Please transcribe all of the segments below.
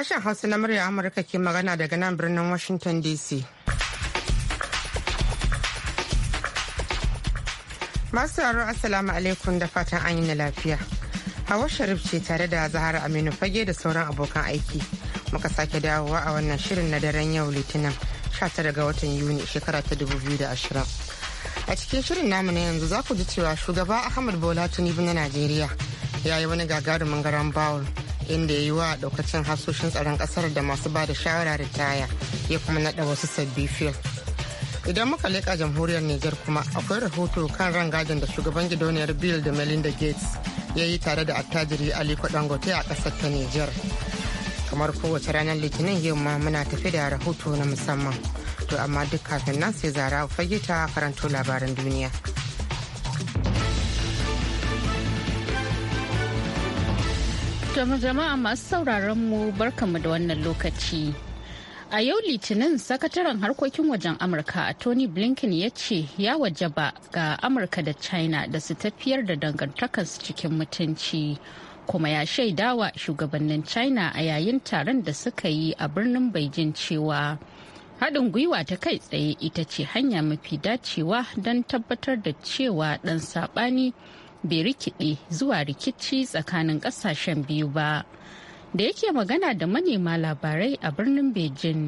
Sashen Hausa na murya Amurka ke magana daga nan birnin Washington DC. Masu sauraro Assalamu alaikum da fatan an yi na lafiya. Hawa Sharif ce tare da Zahara Aminu Fage da sauran abokan aiki. Muka sake dawowa a wannan shirin na daren yau Litinin 19 ga watan Yuni shekara ta 2020. A cikin shirin namu na yanzu za ku ji cewa shugaba Ahmad Bola Tinubu na Najeriya ya yi wani gagarumin garan bawul inda ya yi wa daukacin hasoshin tsaron kasar da masu ba da shawara ritaya ya kuma nada wasu sabbi fil idan muka leƙa jamhuriyar niger kuma akwai rahoto kan rangadin da shugaban gidauniyar bill da melinda gates ya yi tare da attajiri aliko dangote a kasar ta niger kamar kowace ranar litinin yau ma muna tafi da rahoto na musamman to amma duk kafin nan sai zara fage ta karanto labaran duniya. Jama'a masu sauraron mu barkamu da wannan lokaci. A yau Litinin sakataren harkokin wajen Amurka Tony Blinken ya ce ya wajaba ga Amurka da China da su tafiyar da dangantakarsu cikin mutunci. Kuma ya shaidawa shugabannin China a yayin taron da suka yi a birnin Beijing cewa haɗin gwiwa ta kai tsaye ita ce hanya mafi dacewa don tabbatar da cewa ɗan saɓani bai rikide zuwa rikici tsakanin kasashen biyu ba da yake magana da manema labarai a birnin beijing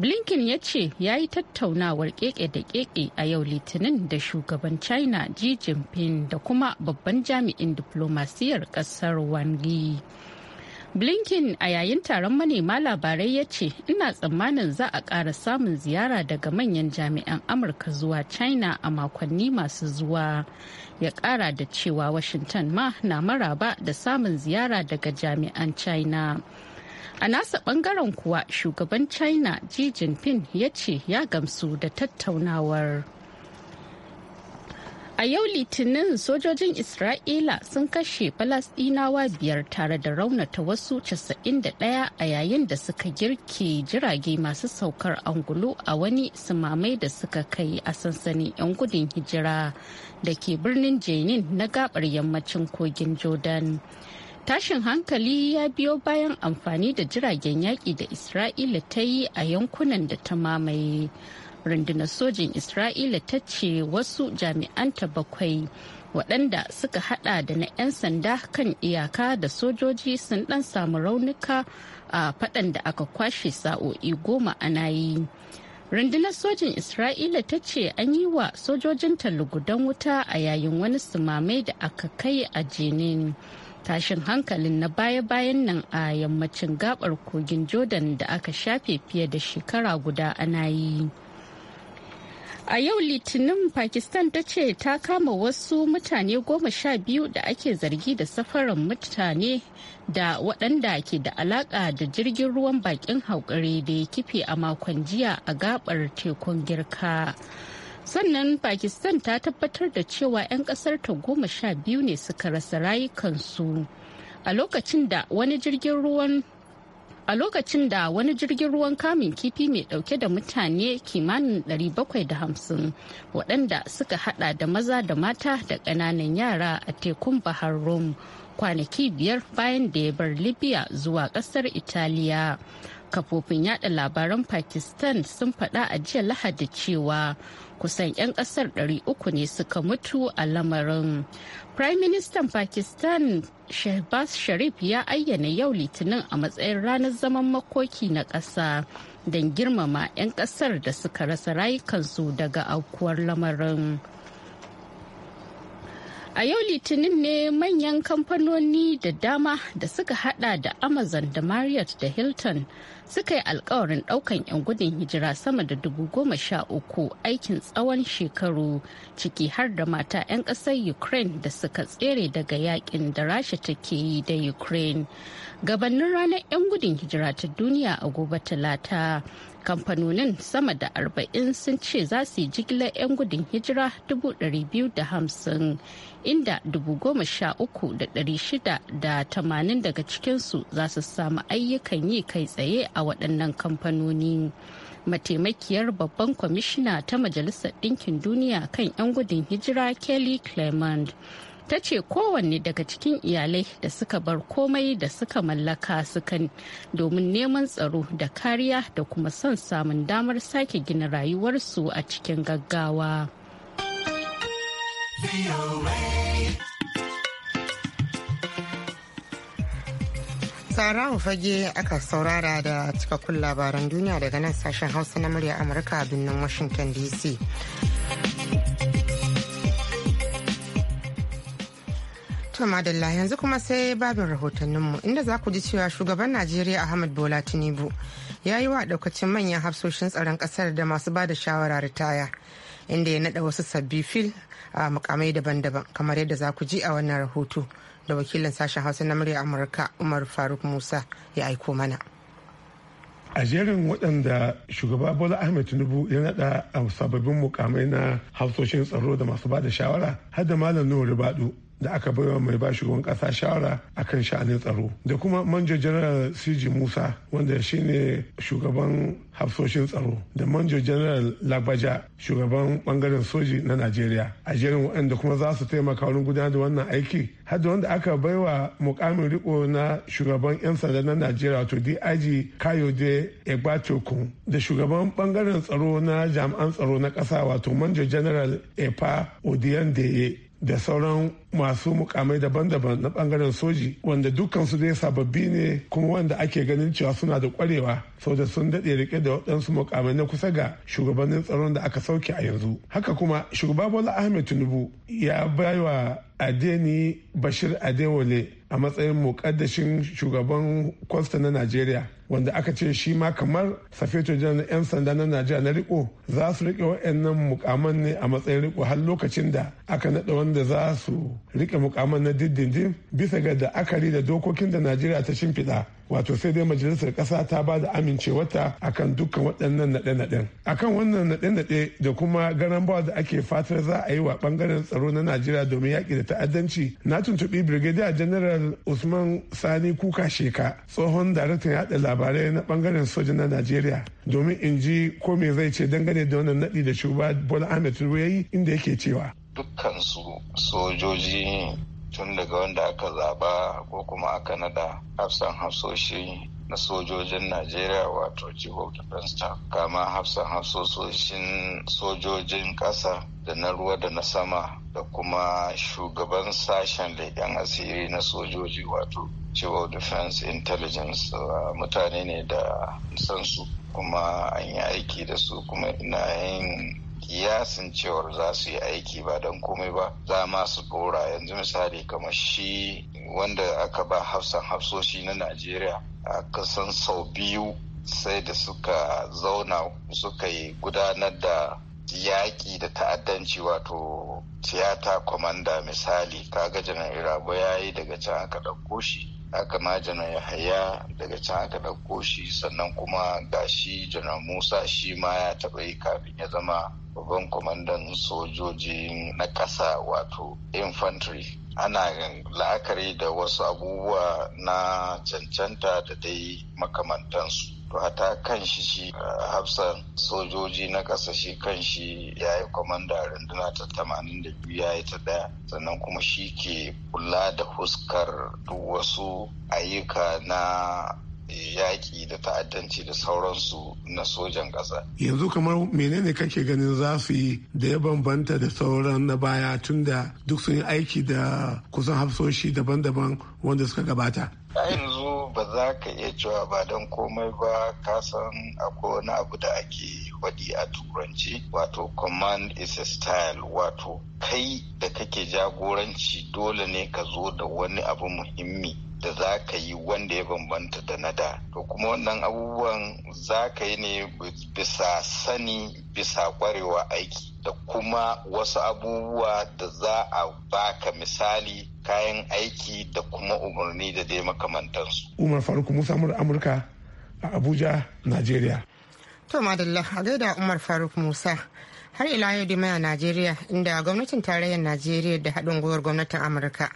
blinken ya ce ya yi tattaunawar keke da keke a yau litinin da shugaban china xi jinping da kuma babban jami'in diplomasiyar kasar wang blinken a yayin taron manema labarai ya ce ina tsammanin za a ƙara samun ziyara daga manyan jami'an amurka zuwa china a makonni masu zuwa ya ƙara da cewa washington ma na maraba da samun ziyara daga jami'an china a nasa bangaren kuwa shugaban china xi jinping ya ce ya gamsu da tattaunawar A yau Litinin sojojin Isra'ila sun kashe Falasɗinawa biyar tare da raunata wasu 91 a yayin da suka girke jirage masu saukar angulu a wani sumamai da suka kai a sansanin 'yan gudun hijira da ke birnin Jenin na gabar yammacin kogin Jordan. tashin hankali ya biyo bayan amfani da jiragen yaƙi da isra'ila ta yi a yankunan da ta mamaye rundunar sojin isra'ila ta ce wasu jami'anta bakwai waɗanda suka hada da na 'yan sanda kan iyaka da sojoji sun dan samu raunuka a faɗan da aka kwashe sa'o'i goma a nayi rundunar sojin isra'ila ta ce an yi wa sojojinta lugudan wuta a yayin wani sumamai da aka kai a jenin tashin hankalin na baya-bayan nan a yammacin gabar kogin jordan da aka shafe fiye da shekara guda ana yi. A yau Litinin Pakistan ta ce ta kama wasu mutane goma sha biyu da ake zargi da safaran mutane da waɗanda ke da alaƙa da jirgin ruwan bakin haukare da ya kife a makon jiya a gabar tekun girka. Sannan Pakistan ta tabbatar da cewa 'yan ƙasarta ta goma sha biyu ne suka rasa rayukansu a lokacin da wani jirgin ruwan a lokacin da wani jirgin ruwan kamun kifi mai dauke da mutane kimanin 750 waɗanda suka hada da maza da mata da ƙananan yara a tekun bahar rom kwanaki biyar bayan da ya bar libya zuwa ƙasar italiya kafofin yada labaran pakistan sun faɗa a jiya lahadi cewa kusan 'yan ƙasar 300 ne suka mutu a lamarin prime minister pakistan shehbaz sharif ya ayyana yau litinin a matsayin ranar zaman makoki na ƙasa don girmama 'yan ƙasar da suka rasa rayukansu daga aukuwar lamarin. A yau Litinin ne manyan kamfanoni da dama da suka hada da Amazon da Marriott da Hilton suka yi alkawarin daukan 'yan gudun hijira sama da dubu goma sha uku aikin tsawon shekaru ciki har da mata 'yan kasar Ukraine da suka tsere daga yakin da Rasha take yi da Ukraine. Gabanin ranar 'yan gudun hijira ta duniya a gobe talata kamfanonin sama da arba'in sun ce za su yi jigilar 'yan gudun hijira hamsin inda 13,680 daga cikinsu za su samu ayyukan yi kai tsaye a waɗannan kamfanoni. mataimakiyar babban kwamishina ta majalisar ɗinkin duniya kan 'yan gudun hijira kelly clement ta ce kowanne daga cikin iyalai da suka bar komai da suka mallaka sukan domin neman tsaro da kariya da kuma son samun damar sake gina rayuwarsu a cikin gaggawa. Sarahu fage aka saurara da cikakkun labaran duniya daga nan sashen hausa na murya Amurka a birnin Washington DC. To madalla yanzu kuma sai babin rahotanninmu inda za ku ji cewa shugaban Najeriya Ahmad Bola Tinubu ya yi wa daukacin manyan hafsoshin tsaron kasar da masu ba da shawara ritaya inda ya naɗa wasu sabbi fil a mukamai daban-daban kamar yadda za ku ji a wannan rahoto da wakilin sashen hausa na murya amurka umar faruk musa ya aiko mana. a jerin waɗanda shugaba bola ahmed tinubu ya naɗa a sababbin mukamai na hafsoshin tsaro da masu bada shawara har da malam nuhu ribadu da aka baiwa mai ba shugaban kasa shawara a kan sha'anin tsaro da kuma manjo general cg musa wanda shine shugaban hafsoshin tsaro da manjo general lagbaja shugaban bangaren soji na najeriya a jerin waɗanda kuma za su taimaka wurin gudanar da wannan aiki har da wanda aka baiwa mukamin riko na shugaban 'yan sanda na najeriya wato dig kayode egbatokun da shugaban bangaren tsaro na jami'an tsaro na ƙasa wato manjo general epa odiyan deye da sauran masu mukamai daban-daban na bangaren soji wanda dukkansu dai sababbi ne kuma wanda ake ganin cewa suna da kwarewa sau da sun daɗe rike da waɗansu mukamai na kusa ga shugabannin tsaron da aka sauke a yanzu haka kuma shugaba bola ahmed tinubu ya baiwa adeni bashir adewale a matsayin muƙaddashin shugaban kwasta na najeriya wanda aka ce shi ma kamar safeto janar 'yan sanda na najeriya na riko za su rike wa'annan mukaman ne a matsayin riko har lokacin da aka naɗa wanda za su rike mukaman na diddindin bisa ga da akari da dokokin da najeriya ta shimfiɗa wato sai dai majalisar kasa ta ba da amincewarta akan dukkan waɗannan naɗe-naɗen akan wannan naɗe-naɗe da kuma garan bawa da ake fatar za a yi wa bangaren tsaro na najeriya domin yaƙi da ta'addanci na tuntuɓi brigadier general usman sani kuka sheka tsohon daraktan yaɗa labarai na bangaren soja na najeriya domin in ji ko me zai ce dangane da wannan naɗi da shugaba bola ahmed tinubu ya yi inda yake cewa dukkansu sojoji tun daga wanda aka zaba ko kuma aka nada hafsan hafsoshi na sojojin najeriya wato jihoh defense staff kama hafsan hafsoshin sojojin ƙasa da na ruwa da na sama da kuma shugaban sashen leƙen asiri na sojoji wato jihoh defense intelligence ah, mutane ne da san su kuma an yi aiki da su kuma ina yin ya san cewar za su yi aiki ba don komai ba za ma su bora yanzu misali kamar shi wanda aka ba hafsan hafsoshi na najeriya a kasan sau biyu sai da suka zauna suka yi gudanar da yaƙi da ta'addanci wato tiyata kwamanda misali kaga janar irabu ya yi daga can aka ɗauko shi aka ma janar haya daga can aka ɗauko shi sannan kuma gashi janar musa shi ma ya taɓa yi kafin ya zama babban kwamandan sojoji na ƙasa wato infantry ana la'akari da wasu abubuwa na cancanta da dai makamantansu to hata kan shi shi hafsan sojoji na ƙasa shi kan shi ya yi kwamanda runduna ta tamanin da biyu ya yi ta ɗaya sannan kuma shi ke kula da huskar duk wasu ayyuka na yaƙi da ta'addanci da sauransu na sojan ƙasa. Yanzu kamar menene kake ganin za su yi da ya bambanta da sauran na baya tun da duk sun yi aiki da kusan hafsoshi daban-daban wanda suka gabata. yanzu ba za ka iya cewa ba don komai ba ka san akwai wani abu da ake wadi a turanci wato command is a style wato kai da kake jagoranci dole ne ka zo da wani abu muhimmi da za ka yi wanda ya bambanta da na da to kuma wannan abubuwan za ka yi ne bisa sani bisa kwarewa aiki da kuma wasu abubuwa da za a baka misali kayan aiki da kuma umarni da dai makamantansu umar faruk musa amurka a abuja nigeria to madalla a gaida umar faruk musa har ila yau dimaya najeriya inda gwamnatin tarayyar najeriya da haɗin gwiwar gwamnatin amurka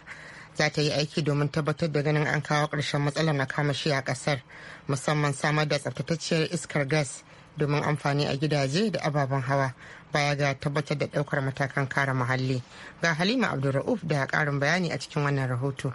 za ta yi aiki domin tabbatar da ganin an kawo ƙarshen matsalar na kamashi a ƙasar musamman samar da tsaftatacciyar iskar gas domin amfani a gidaje da ababen hawa baya ga tabbatar da ɗaukar matakan kare muhalli ga halima abdulra'uf da ƙarin bayani a cikin wannan rahoto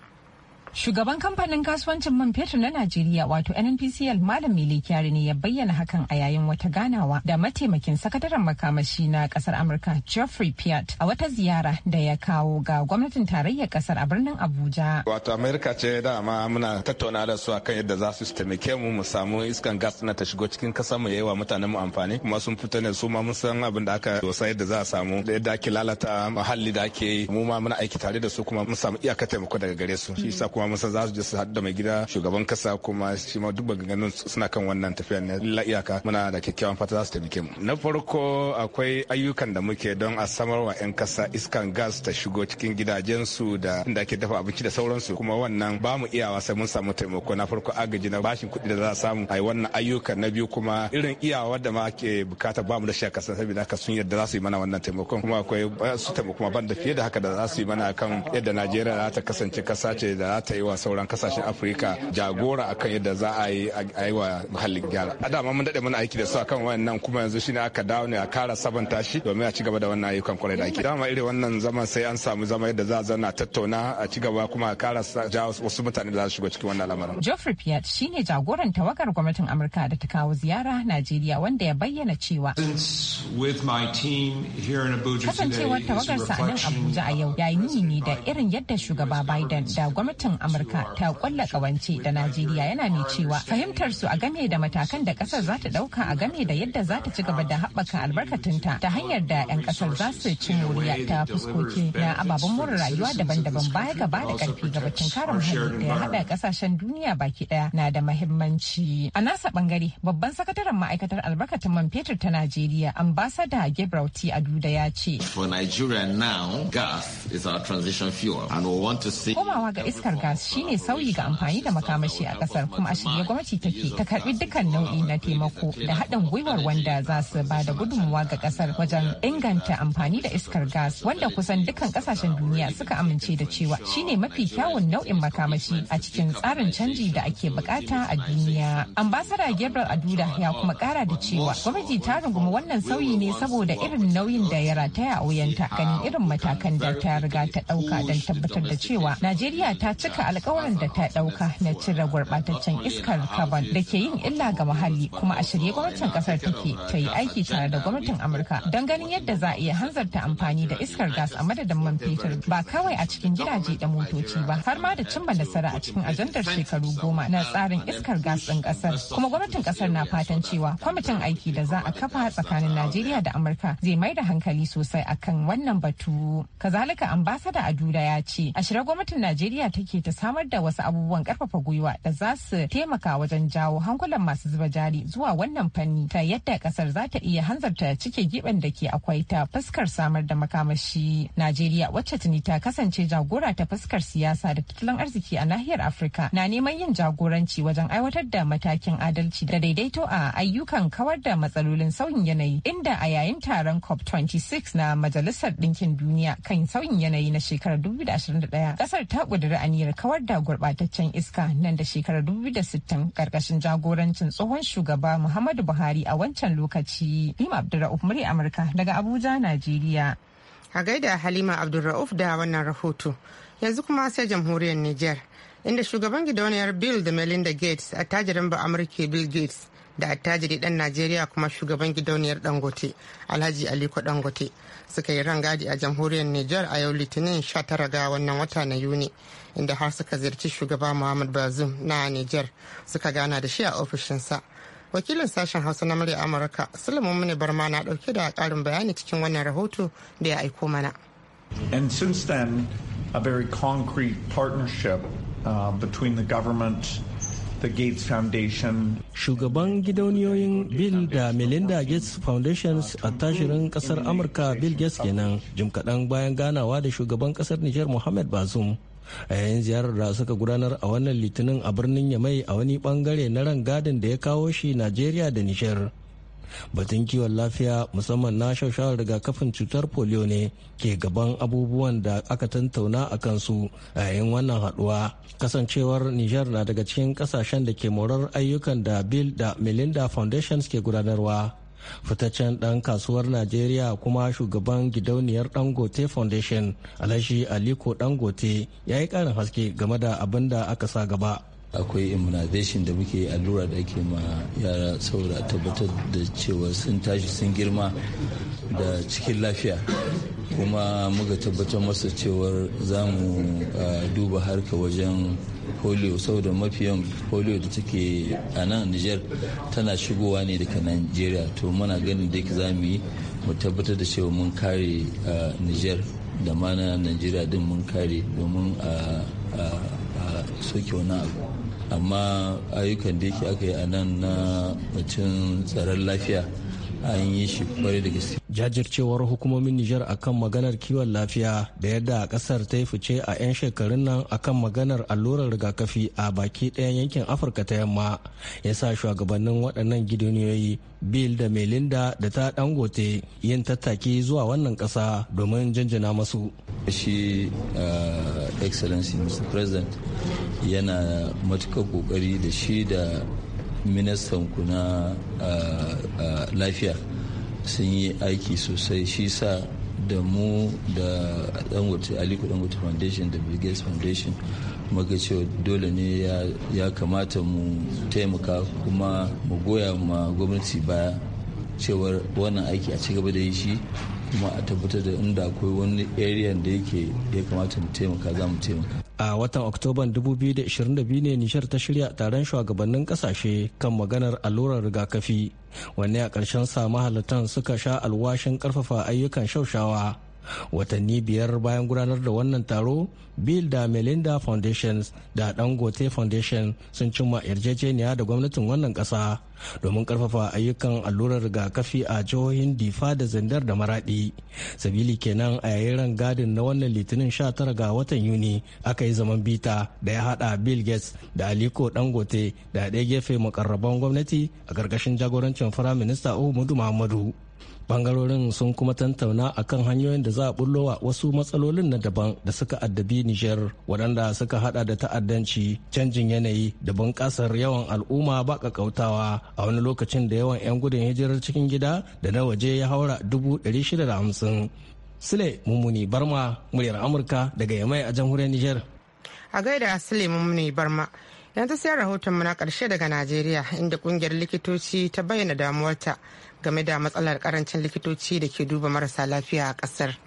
Shugaban kamfanin kasuwancin man fetur na Najeriya wato NNPCL Malam Mele Kyari ne ya bayyana hakan a yayin wata ganawa da mataimakin sakataren makamashi na kasar Amurka Geoffrey Piat a wata ziyara da ya kawo ga gwamnatin tarayyar kasar a birnin Abuja. Wato Amerika ce dama muna tattauna da su akan yadda za su taimake mu mu samu iskan gas na ta shigo cikin kasar mu yayin mutanen mu amfani kuma sun fita ne su ma mun san abin da aka dosa yadda za a samu da yadda ake lalata muhalli da ake yi mu ma muna aiki tare da su kuma mun samu iyaka taimako daga gare su. Shi kuma musa za su je su haɗu da mai gida shugaban kasa kuma shi ma duk ganin suna kan wannan tafiyar ne la iyaka muna da kyakkyawan fata za su taimake mu na farko akwai ayyukan da muke don a samar wa 'yan kasa iskan gas ta shigo cikin gidajensu da inda ake dafa abinci da sauransu kuma wannan ba mu iyawa sai mun samu taimako na farko agaji na bashin kuɗi da za a samu a yi wannan ayyuka na biyu kuma irin iyawa da ma ake bukata ba mu da shi a saboda haka sun yadda za su yi mana wannan taimakon kuma akwai su taimako kuma ban da fiye da haka da za su yi mana kan yadda najeriya za ta kasance kasa ce da za ta yi wa sauran kasashen afirka jagora kan yadda za a yi a yi wa muhallin gyara a dama mun daɗe mana aiki da su a akan wannan kuma yanzu shine aka dawo ne a kara sabanta shi domin a ci gaba da wannan ayyukan kwarai da ake dama irin wannan zaman sai an samu zama yadda za a zana tattauna a ci gaba kuma a kara jawo wasu mutane da za su shigo cikin wannan lamarin Geoffrey Piat shine jagoran tawagar gwamnatin Amurka da ta kawo ziyara Najeriya wanda ya bayyana cewa kasancewar tawagarsa a nan Abuja a yau yayi yi ne da irin yadda shugaba Biden da gwamnatin Amurka ta kwalla kawance da Najeriya yana mai cewa fahimtar su a game da matakan da kasar za ta dauka a game da yadda za ta ci gaba da haɓaka albarkatunta ta hanyar da 'yan kasar za su ci moriya ta fuskoki na ababen more rayuwa daban-daban baya gaba da karfi ga bakin kare muhalli da ya haɗa kasashen duniya baki ɗaya na da mahimmanci. A nasa bangare babban sakataren ma'aikatar albarkatun man fetur ta Najeriya ambasada Gebrauti Aduda ya ce. For Nigeria now, gas is our transition fuel and we want to see. Komawa ga iskar gas Amurka shine sauyi ga amfani da makamashi a kasar kuma a shirye gwamnati take ta karbi dukkan nau'i na taimako da haɗin gwiwar wanda za su ba da gudunmuwa ga kasar wajen inganta amfani da iskar gas wanda kusan dukkan kasashen duniya suka amince da cewa shine mafi kyawun nau'in makamashi a cikin tsarin canji da ake bukata a duniya. Ambasada Gabriel Aduda ya kuma kara da cewa gwamnati ta rungumi wannan sauyi ne saboda irin nauyin da ya rataya a wuyanta ganin irin matakan da ta riga ta ɗauka don tabbatar da cewa Najeriya ta cika ta alkawarin da ta dauka na cire gurbataccen iskar carbon da ke yin illa ga muhalli kuma a shirye gwamnatin kasar take ta yi aiki tare da gwamnatin amurka don ganin yadda za a iya hanzarta amfani da iskar gas a madadin man fetur ba kawai a cikin gidaje da motoci ba har ma da cimma nasara a cikin ajandar shekaru goma na tsarin iskar gas ɗin kasar kuma gwamnatin kasar na fatan cewa kwamitin aiki da za a kafa tsakanin najeriya da amurka zai mai da hankali sosai akan wannan batu kazalika ambasada duda ya ce a shirye gwamnatin najeriya take ta samar da wasu abubuwan karfafa gwiwa da za su taimaka wajen jawo hankulan masu zuba jari zuwa wannan fanni ta yadda kasar za ta iya hanzarta cike giben da ke akwai ta fuskar samar da makamashi. Najeriya wacce tuni ta kasance jagora ta fuskar siyasa da tattalin arziki a nahiyar Afirka na neman yin jagoranci wajen aiwatar da matakin adalci da daidaito a ayyukan kawar da matsalolin sauyin yanayi inda a yayin taron COP 26 na Majalisar Ɗinkin Duniya kan sauyin yanayi na shekarar 2021 kasar ta ƙudiri aniyar kawar da gurbataccen iska nan da shekarar 2060 karkashin jagorancin tsohon shugaba Muhammadu Buhari a wancan lokaci. Lima Abdulra'uf muri Amurka daga Abuja, Najeriya. A gaida Halima Abdulra'uf da wannan rahoto. Yanzu kuma sai jamhuriyar Nijar. Inda shugaban gidauniyar Bill da Melinda Gates, attajirin ba Amurka Bill Gates, da attajiri dan Najeriya kuma shugaban gidauniyar Dangote, Alhaji Aliko Dangote. suka yi rangadi a jamhuriyar Nijar a yau Litinin 19 ga wannan wata na Yuni inda har suka ziyarci shugaba Muhammad Bazoum na Nijar suka gana da shi a ofishinsa. Wakilin sashen Hausa na murya Amurka Sulaiman Barma na dauke da karin bayani cikin wannan rahoto da ya aiko mana. And since then, a very concrete partnership uh, between the government the Gates Foundation. Shugaban gidauniyoyin Bill da Melinda Gates Foundations a tashirin kasar Amurka Bill Gates kenan jim kaɗan bayan ganawa da shugaban kasar Nijar Mohammed Bazoum. a yayin ziyarar da suka gudanar a wannan litinin a birnin yamai a wani bangare na rangadin da ya kawo shi najeriya da Nijar. batun kiwon lafiya musamman na shawarar rigakafin cutar polio ne ke gaban abubuwan da aka tantauna a kansu a yayin wannan haduwa kasancewar niger na daga cikin kasashen da ke morar ayyukan da bill da melinda foundations ke gudanarwa fitaccen ɗan kasuwar najeriya kuma shugaban gidauniyar dangote foundation alashi aliko dangote ya yi ƙarin haske game da abin da aka sa gaba akwai immunization da muke allura da ake ma yara saboda a tabbatar da cewa sun tashi sun girma da cikin lafiya kuma muka tabbatar masa cewar za mu duba harka wajen polio saboda mafiyan polio da take a nan niger tana shigowa ne daga nigeria to muna ganin da za mu yi mu tabbatar da cewa mun kare niger da ma na nigeria din mun kare domin a soke wani abu amma ayyukan da yake aka yi a nan na mutum tsaron lafiya an yi shi kwarai da gaske. Jajircewar hukumomin Nijar akan maganar kiwon lafiya da yadda kasar ta yi fice a 'yan shekarun nan akan maganar allurar rigakafi a baki ɗayan yankin Afirka ta yamma ya sa shugabannin waɗannan gidauniyoyi Bill da Melinda da ta dangote yin tattaki zuwa wannan ƙasa domin janjina masu. Shi eh, Excellency Mr. President yana matuƙar ƙoƙari da shi da ministan ku na lafiya sun yi aiki sosai shi sa da mu da dangote aliku dangote foundation da bill gates foundation muka cewa dole ne ya kamata mu taimaka kuma mu goya ma gwamnati baya cewar wannan aiki a ci gaba da yi shi kuma a tabbatar da inda akwai wani area da yake ya kamata mu taimaka za mu taimaka a watan oktoban 2022 ne nishar ta shirya taron shugabannin kasashe kan maganar allurar rigakafi wanne a ƙarshen sa mahalartan suka sha alwashin ƙarfafa ayyukan shaushawa watanni biyar bayan gudanar da wannan taro bill da melinda foundations da dangote foundation sun cimma yarjejeniya da gwamnatin wannan kasa domin karfafa ayyukan allurar rigakafi a jihohin difa da zandar da maradi sabili kenan a yayin gadin na wannan litinin 19 ga watan yuni aka yi zaman bita da ya hada bill gates da aliko dangote da ɗaya gefe makarraban gwamnati a ƙarƙashin jagorancin firaminista Muhammadu muhammadu bangarorin sun kuma tantauna a kan hanyoyin da za a bullowa wasu matsalolin na daban da suka addabi nijar waɗanda suka hada da ta'addanci canjin yanayi da bunƙasar yawan al'umma ba ƙaƙautawa a wani lokacin da yawan 'yan gudun hijirar cikin gida da na waje ya haura dubu ɗari shida barma muryar amurka daga yamai a jamhuriyar nijar a gaida sule mummuni barma yanzu sai rahoton mu na ƙarshe daga najeriya inda ƙungiyar likitoci ta bayyana damuwarta game da matsalar karancin likitoci da ke duba marasa lafiya a kasar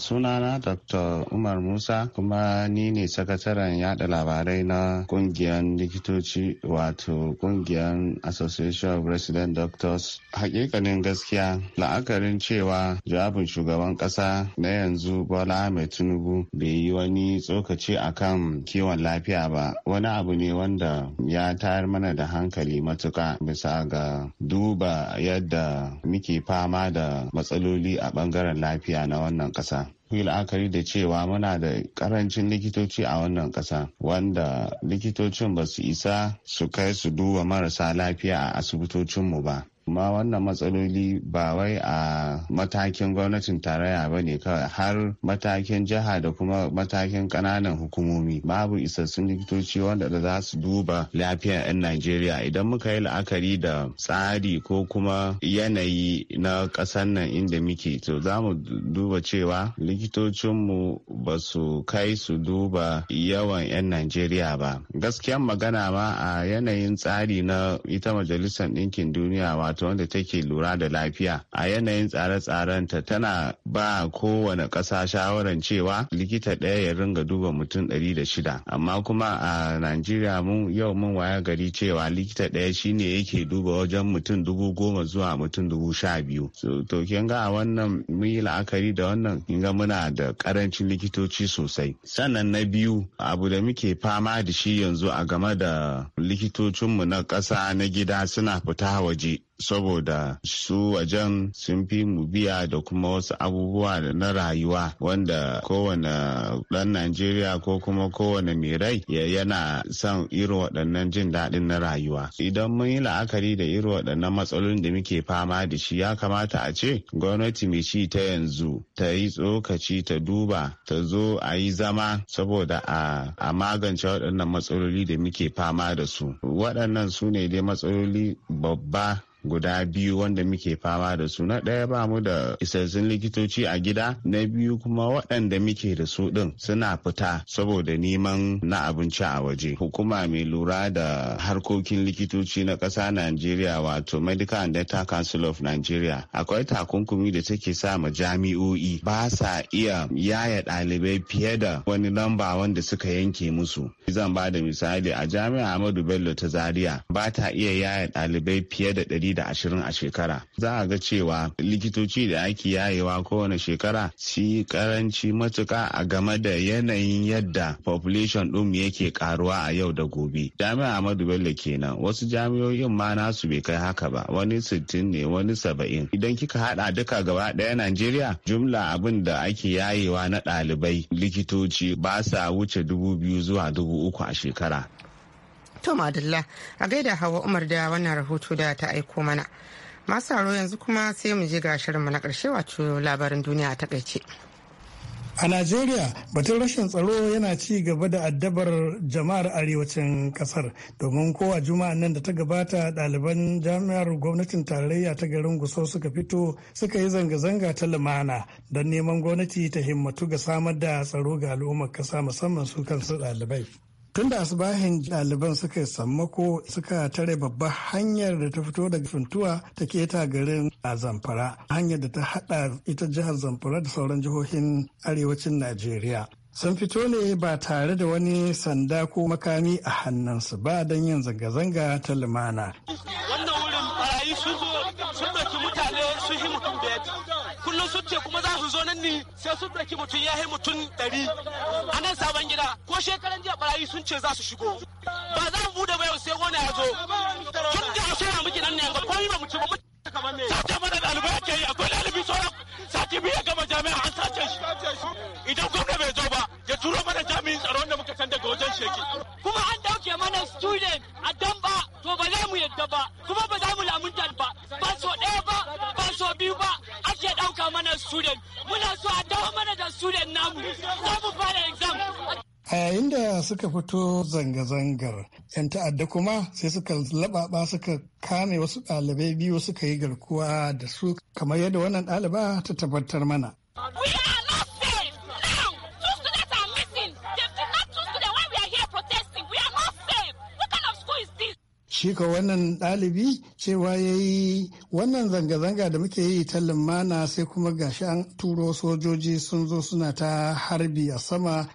Sunana Dr. Umar Musa kuma ni ne sakataren yada labarai na kungiyar likitoci wato kungiyar Association of Resident Doctors. Hakikanin gaskiya la'akarin cewa jawabin shugaban kasa na yanzu Bola Ahmed Tinubu bai yi wani tsokaci akan kiwon lafiya ba. Wani abu ne wanda ya tayar mana da hankali matuka bisa ga duba yadda muke fama da matsaloli a bangaren lafiya na wannan kasa. yi la'akari da cewa muna da karancin likitoci a wannan ƙasa wanda likitocin ba su isa su kai su duba marasa lafiya a asibitocinmu ba kuma wannan matsaloli ba wai a matakin gwamnatin tarayya ba ne kawai har matakin jiha da kuma matakin kananan hukumomi babu isassun likitoci wanda da za su duba lafiyar 'yan najeriya idan muka yi la'akari da tsari ko kuma yanayi na ƙasar nan inda muke to za mu duba cewa likitocinmu ba su kai su duba yawan 'yan najeriya ba gaskiyan magana ma a yanayin tsari na ita majalisar ɗinkin duniya wato wato wanda take lura da lafiya a yanayin tsare-tsaren ta tana ba kowane ƙasa shawaran cewa likita ɗaya ya ringa duba mutum ɗari da shida amma kuma a najeriya mun yau mun waya gari cewa likita ɗaya shine yake duba wajen mutum dubu goma zuwa mutum dubu sha biyu to kin ga wannan mun yi la'akari da wannan kin ga muna da ƙarancin likitoci sosai sannan na biyu abu da muke fama da shi yanzu a game da likitocinmu na ƙasa na gida suna fita waje saboda su wajen sun fi mu biya da kuma wasu abubuwa na rayuwa wanda kowane ɗan Najeriya ko kuma kowane mai rai yana son irin waɗannan jin daɗin na rayuwa. Idan mun yi la'akari da irin waɗannan matsalolin da muke fama da shi ya kamata a ce gwamnati mai ci ta yanzu ta yi tsokaci ta duba ta zo a yi zama saboda a magance waɗannan matsaloli da muke fama da su. Waɗannan su ne dai matsaloli babba guda biyu wanda muke fama da su na ɗaya ba mu da isassun likitoci a gida na biyu kuma waɗanda muke da su ɗin suna fita saboda neman na abinci a waje hukuma mai lura da harkokin likitoci na ƙasa najeriya wato medical and dental council of nigeria akwai takunkumi da take sa ma jami'o'i ba sa iya yaya ɗalibai fiye da wani lamba wanda suka yanke musu zan ba da misali a jami'a ahmadu bello ta zaria ba ta iya yaya ɗalibai fiye da ɗari da ashirin a shekara za a ga cewa likitoci da ake yayewa kowane shekara shi karanci matuka a game da yanayin yadda population ɗin yake karuwa a yau da gobe jami'a amadu bello kenan wasu jami'o'in ma nasu bai kai haka ba wani sittin ne wani saba'in idan kika hada duka gaba ɗaya najeriya jumla abin da ake yayewa na ɗalibai likitoci ba sa wuce dubu biyu zuwa dubu uku a shekara To Madalla a gaida hawa Umar da wannan rahoto da ta aiko mana. Masu haro yanzu kuma sai mu je ga shirinmu na ƙarshe wato labarin duniya a takaice. A Najeriya batun rashin tsaro yana ci gaba da addabar jama'ar arewacin kasar domin kowa juma'a nan da ta gabata ɗaliban jami'ar gwamnatin tarayya ta garin Gusau suka fito suka yi zanga-zanga ta lumana don neman gwamnati ta himmatu ga samar da tsaro ga al'ummar kasa musamman su kansu ɗalibai. tun da asibahin ɗaliban suka sammako suka tare babbar hanyar da ta fito daga funtuwa ta keta garin a zamfara hanyar da ta haɗa ita jihar zamfara da sauran jihohin arewacin najeriya sun fito ne ba tare da wani sanda ko makami a hannunsu ba don yin zanga-zanga ta lumana wannan wurin sun zo sun ce kuma za su zo nan ni sai su ɗauki mutum ya yi mutum ɗari a nan sabon gida ko shekaran jiya barayi sun ce za su shigo ba za mu bude ba yau sai wani ya zo tun da a shirya muke nan ne ba ko ba mu ci ba mu sace mana ɗalibai ake yi akwai lalibi sora sati biyu ya gama jami'a an sace shi idan gwamna bai zo ba ya turo mana jami'in tsaron da muka san daga wajen sheki kuma an ɗauke mana student a damba to ba za mu yadda ba kuma ba za mu lamunta ba ba so ɗaya ba ba so biyu ba mana student muna so a dawo mana da student namu za mu fara exam a yayin da suka fito zanga-zangar 'yan ta'adda kuma sai suka laɓaɓa suka kame wasu ɗalibai biyu suka yi garkuwa da su kamar yadda wannan ɗaliba ta tabbatar mana. shi ka wannan ɗalibi cewa ya yi wannan zanga-zanga da muke yi ta lumana sai kuma gashi an turo sojoji sun zo suna ta harbi a sama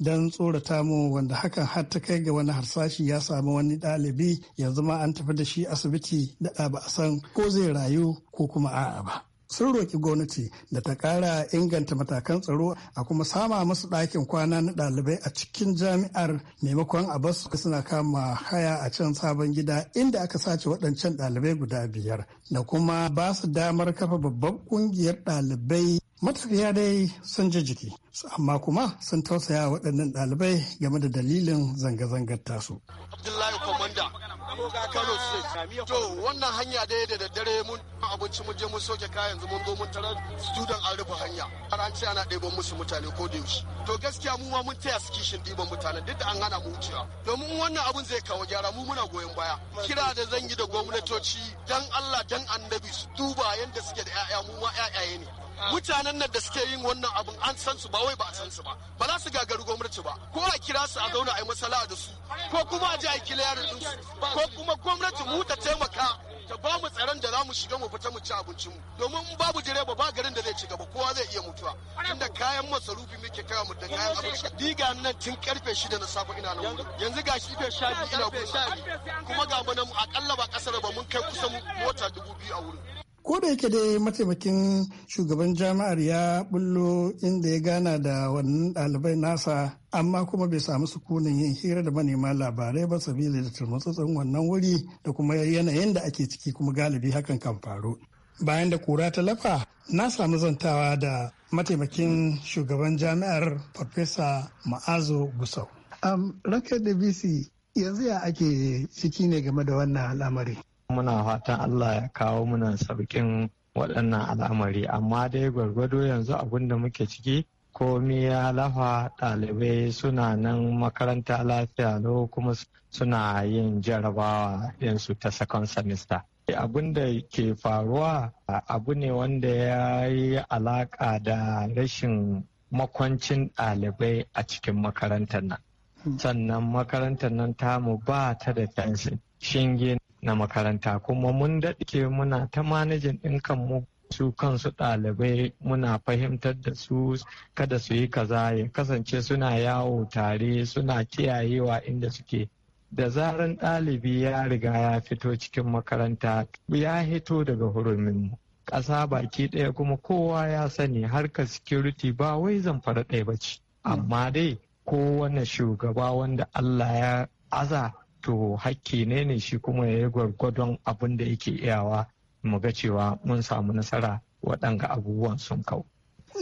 don tsorata mu wanda hakan har ta kai ga wani harsashi ya samu wani ɗalibi yanzu ma an tafi da shi asibiti da ba a san ko zai rayu ko kuma a'a ba. sun roƙi gwamnati da ta ƙara inganta matakan tsaro a kuma sama masu ɗakin kwana na ɗalibai a cikin jami'ar maimakon a basu suna kama haya a can sabon gida inda aka sace waɗancan ɗalibai guda biyar da kuma ba su damar kafa babbar ƙungiyar ɗalibai matafiya dai sun ji jiki amma kuma sun tausaya waɗannan ɗalibai game da dalilin zanga-zangar tasu. Abdullahi Komanda, Kano To wannan hanya dai da daddare mun abinci mun je mun soke kayan yanzu mun zo mun tarar student an rufe hanya. Har an ce ana ɗiban musu mutane ko da yaushe. To gaskiya mu ma mun taya su kishin ɗiban mutane duk da an hana mu wucewa. Domin wannan abun zai kawo gyara mu muna goyon baya. Kira da zan yi da gwamnatoci dan Allah dan annabi su duba yadda suke da 'ya'ya mu ma 'ya'yaye ne. mutanen nan da suke yin wannan abun an san su ba wai ba a san su ba ba za su gagari gwamnati ba ko a kira su a zauna a yi masala da su ko kuma a je a kila yaran ko kuma gwamnati mu ta taimaka ta ba mu tsaron da za mu shiga mu fita mu ci abincin mu domin babu direba ba garin da zai ci gaba kowa zai iya mutuwa inda kayan masarufi muke kai mu da kayan abinci diga nan tun karfe shida na safe ina nan yanzu ga shi ke sha biyu ina kuma ga mu nan akalla ba kasar ba mun kai kusan mota dubu biyu a wurin ko da yake dai mataimakin shugaban jami'ar ya bullo inda ya gana da wannan ɗalibai nasa amma kuma bai samu sukunin yin hira da manema labarai ba sabili da turmutsutsun wannan wuri da kuma yanayin da ake ciki kuma galibi hakan kan faru bayan da kura ta lafa na samu zantawa da mataimakin shugaban jami'ar farfesa ma'azo gusau um, da bisi, yanzu ya ake ciki ne game da wannan al'amari muna fatan allah ya kawo muna sauƙin waɗannan al'amari amma dai gwargwado yanzu abin da muke ciki komi ya lafa ɗalibai suna nan makaranta lafiya no kuma suna yin jarabawa yansu ta second semester abin da ke faruwa abu ne wanda ya yi alaƙa da rashin makwancin ɗalibai a cikin makarantar nan hmm. sannan makarantar nan tamu ba ta da fensin shinge na makaranta kuma mun daɗe muna ta manajin ɗin kanmu su kansu ɗalibai muna fahimtar da su kada su yi kaza ya kasance suna yawo tare suna kiyayewa inda suke da zaran ɗalibi ya riga ya fito cikin makaranta ya hito daga hurumin mu. ƙasa baki ɗaya kuma kowa ya sani harkar security ba wai zamfara ɗaya ba ce amma dai kowane shugaba wanda allah ya aza to hakki ne ne shi kuma ya yi gwargwadon abin da yake iyawa mu ga cewa mun samu nasara waɗanga abubuwan sun kau.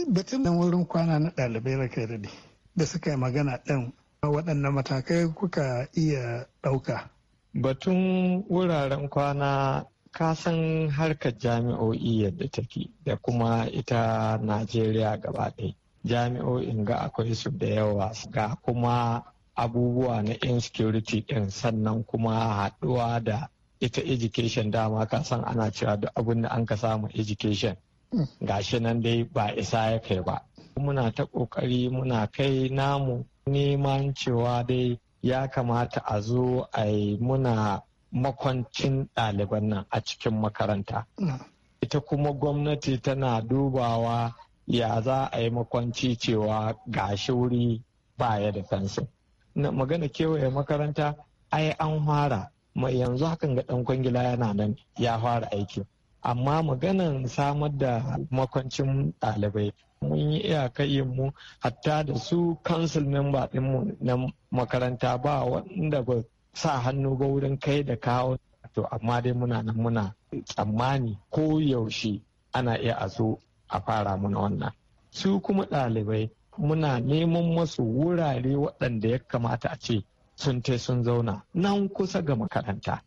batun nan wurin kwana na ɗalibai raka daɗi da suka yi magana ɗin waɗannan matakai kuka iya ɗauka. batun wuraren kwana ka san harkar jami'o'i yadda take da kuma ita najeriya gaba ɗaya jami'o'in ga akwai su da yawa ga kuma abubuwa na insecurity din sannan kuma haɗuwa da ita education dama ka san ana cewa duk abin da an ka samu education gashi nan dai ba isa ya kai ba muna ta ƙoƙari muna kai namu neman cewa dai ya kamata a zo a muna makwancin ɗaliban nan a cikin makaranta ita kuma gwamnati tana dubawa ya za a yi makwanci cewa gashi wuri baya da fensin na magana kewaye makaranta ai an fara mai yanzu hakan ga dan kwangila yana nan ya fara aiki amma maganan samar da makwancin ɗalibai mun yi iyaka mu hatta da su council member mu na makaranta ba wanda ba sa hannu ba wurin kai da kawo to amma dai muna nan muna tsammani ko yaushe ana iya a zo a fara muna wannan su kuma ɗalibai muna neman masu wurare waɗanda ya kamata a ce sun te sun zauna nan kusa ga makaranta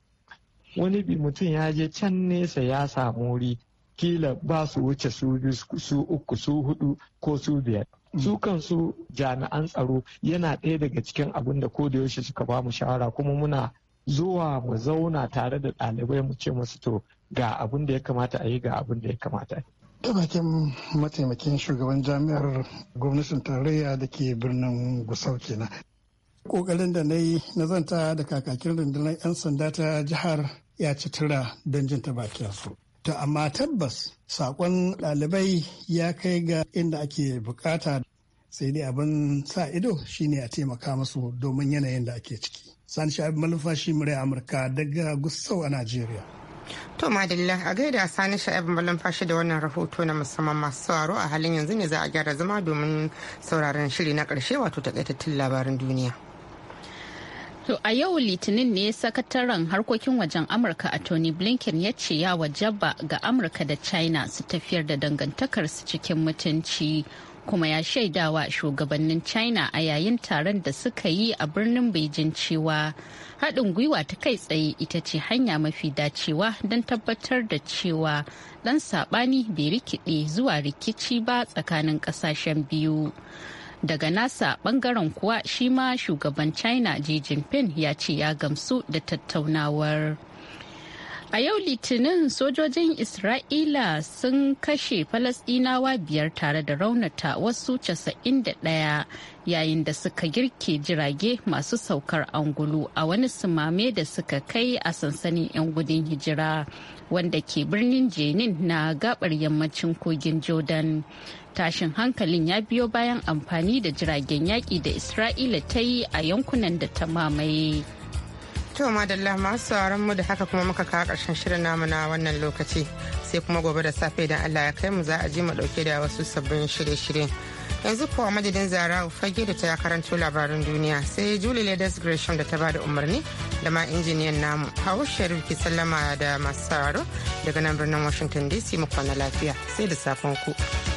wani bi mutum ya je can nesa ya samu wuri kila ba su wuce su su uku su hudu ko su biyar su mm. kansu jami'an tsaro yana ɗaya daga cikin abin da da yaushe suka ba mu shawara kuma muna zuwa mu zauna tare da ɗalibai mu ce musu to ga abin da ya kamata a yi ga abin da ya kamata ta bakin mataimakin shugaban jami'ar gwamnatin tarayya da ke birnin gusau kenan kokarin da na yi na zanta da kakakin rundunar 'yan sanda ta jihar ya ci tura don jin ta su. to amma tabbas sakon ɗalibai ya kai ga inda ake bukata sai dai abin sa ido shine a taimaka masu domin yanayin da ake ciki sani shi sha'ib malumfashi murai amurka daga gusau a najeriya To madalla a gaida a sani sha'ib malumfashi da wannan rahoto na musamman masu sauraro a halin yanzu ne za a gyara zama domin sauraron shiri na karshe wato takaitattun labaran duniya. To a yau litinin ne sakataren harkokin wajen Amurka a Tony Blinken ya ce ya wajaba ga Amurka da China su tafiyar da dangantakarsu cikin mutunci kuma ya shaidawa shugabannin china a yayin taron da suka yi a birnin beijing cewa haɗin gwiwa ta kai tsaye ita ce hanya mafi dacewa don tabbatar da cewa ɗan saɓani bai rikide zuwa rikici ba tsakanin ƙasashen biyu daga nasa ɓangaren kuwa shi ma shugaban china xi jinping ya ce ya gamsu da tattaunawar A yau Litinin sojojin Isra'ila sun kashe Falasɗinawa biyar tare da raunata wasu casa'in da ɗaya yayin da suka girke jirage masu saukar angulu a wani sumame da suka kai a sansanin 'yan gudun hijira wanda ke birnin Jenin na gabar yammacin kogin Jordan. Tashin hankalin ya biyo bayan amfani da jiragen yaƙi da Isra'ila ta yi a yankunan da ta mamaye. To madalla masu sauran mu da haka kuma muka kawo karshen shirin namu na wannan lokaci sai kuma gobe da safe idan Allah ya kai mu za a ji mu dauke da wasu sabbin shirye-shirye. Yanzu kuwa madadin zara fage da ta karanto labaran duniya sai Julie Ledes Gresham da ta bada umarni da ma injiniyan namu Hawu Sharif ki sallama da masu sauraro daga nan birnin Washington DC mu kwana lafiya sai da safen ku.